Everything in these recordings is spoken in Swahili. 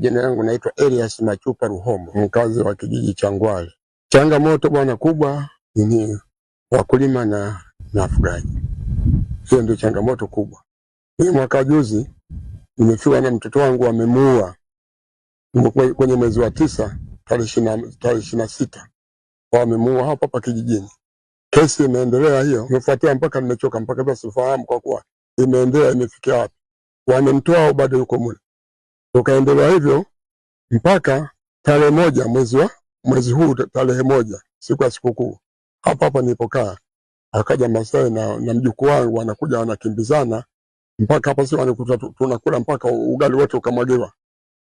Jina langu naitwa Elias Machupa Ruhomo, mkazi wa kijiji cha Ngwale. Changamoto bwana kubwa ni wakulima na wafugaji, hiyo ndio changamoto kubwa. Hii mwaka juzi nimefiwa na mtoto wangu wamemuua kwenye mwezi wa tisa tarehe ishirini na sita wamemuua hapa hapa kijijini. Kesi imeendelea hiyo, imefuatia mpaka nimechoka, mpaka sasa sifahamu kwa kuwa imeendelea imefikia wapi. Wamemtoa bado yuko mule Ukaendelea hivyo mpaka tarehe moja mwezi wa mwezi huu tarehe moja siku ya sikukuu, hapa hapa nilipokaa, akaja Masai na, na mjukuu wangu wanakuja wanakimbizana mpaka hapa, si wanakuta tunakula mpaka ugali wote ukamwagiwa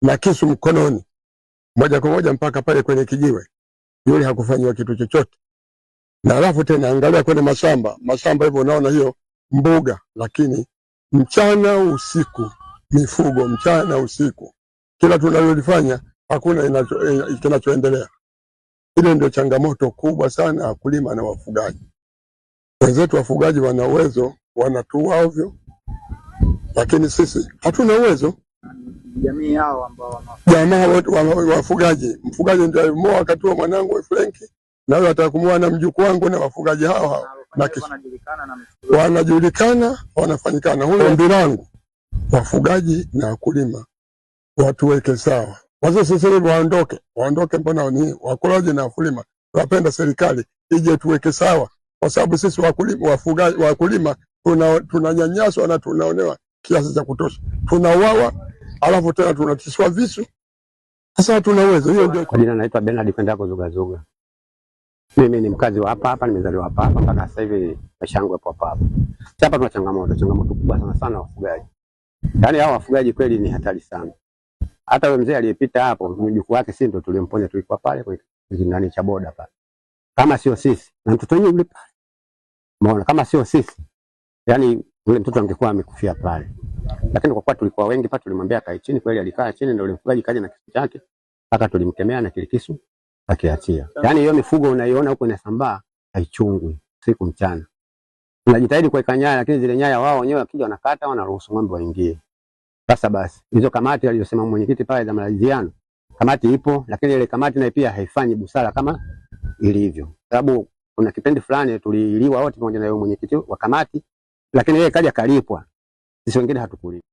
na kisu mkononi moja kwa moja mpaka pale kwenye kijiwe. Yule hakufanyiwa kitu chochote. Na alafu tena angalia kwenye mashamba mashamba hivyo, unaona hiyo mbuga, lakini mchana usiku mifugo mchana usiku, kila tunalolifanya hakuna eh, kinachoendelea. Ile ndio changamoto kubwa sana wakulima na wafugaji wenzetu. Wafugaji wana uwezo, wanatua ovyo, lakini sisi hatuna uwezo. Jamaa wafugaji, mfugaji ndio alimoa akatua mwanangu Frenki, na huyo atakumua na mjukuu wangu, na wafugaji hao hao wanajulikana, wanafanyikana. Huyo ombi langu wafugaji na wakulima watuweke sawa. Wazee sasa hivi waondoke, waondoke, mbona ni wakulaji na wakulima. Tunapenda serikali ije tuweke sawa, kwa sababu sisi wakulima, wafugaji, wakulima tunanyanyaswa tuna na tunaonewa kiasi cha kutosha, tunauawa alafu tena tunatiswa visu. Sasa tuna uwezo hiyo ndio. Kwa jina naitwa Bernard Kwendako Zugazuga. Mimi ni mkazi wa hapa hapa, nimezaliwa hapa hapa, mpaka sasa hivi maisha yangu yapo hapa hapa. Hapa tuna changamoto, changamoto kubwa sana sana wafugaji Yaani hao wafugaji kweli ni hatari sana. Hata wewe mzee aliyepita hapo, mjukuu wake si ndo tulimponya, tulikuwa pale kwa kindani cha boda pale. Kama sio sisi na mtoto wenyewe yule pale. Umeona, kama sio sisi yaani yule mtoto angekuwa amekufia pale. Lakini kwa kuwa tulikuwa wengi pale, tulimwambia kae chini, kweli alikaa chini, ndio mfugaji kaja na kisu chake mpaka tulimkemea na kile kisu akiachia. Yaani hiyo mifugo unaiona huko inasambaa haichungwi siku mchana. Tunajitahidi kuweka nyaya, lakini zile nyaya wao wenyewe wakija wanakata, wanaruhusu ng'ombe waingie. Sasa basi hizo kamati aliyosema mwenyekiti pale za maridhiano, kamati ipo, lakini ile kamati na pia haifanyi busara kama ilivyo, sababu kuna kipindi fulani tuliiliwa wote pamoja na yule mwenyekiti wa kamati, lakini yeye kaja kalipwa, sisi wengine hatukulipwa.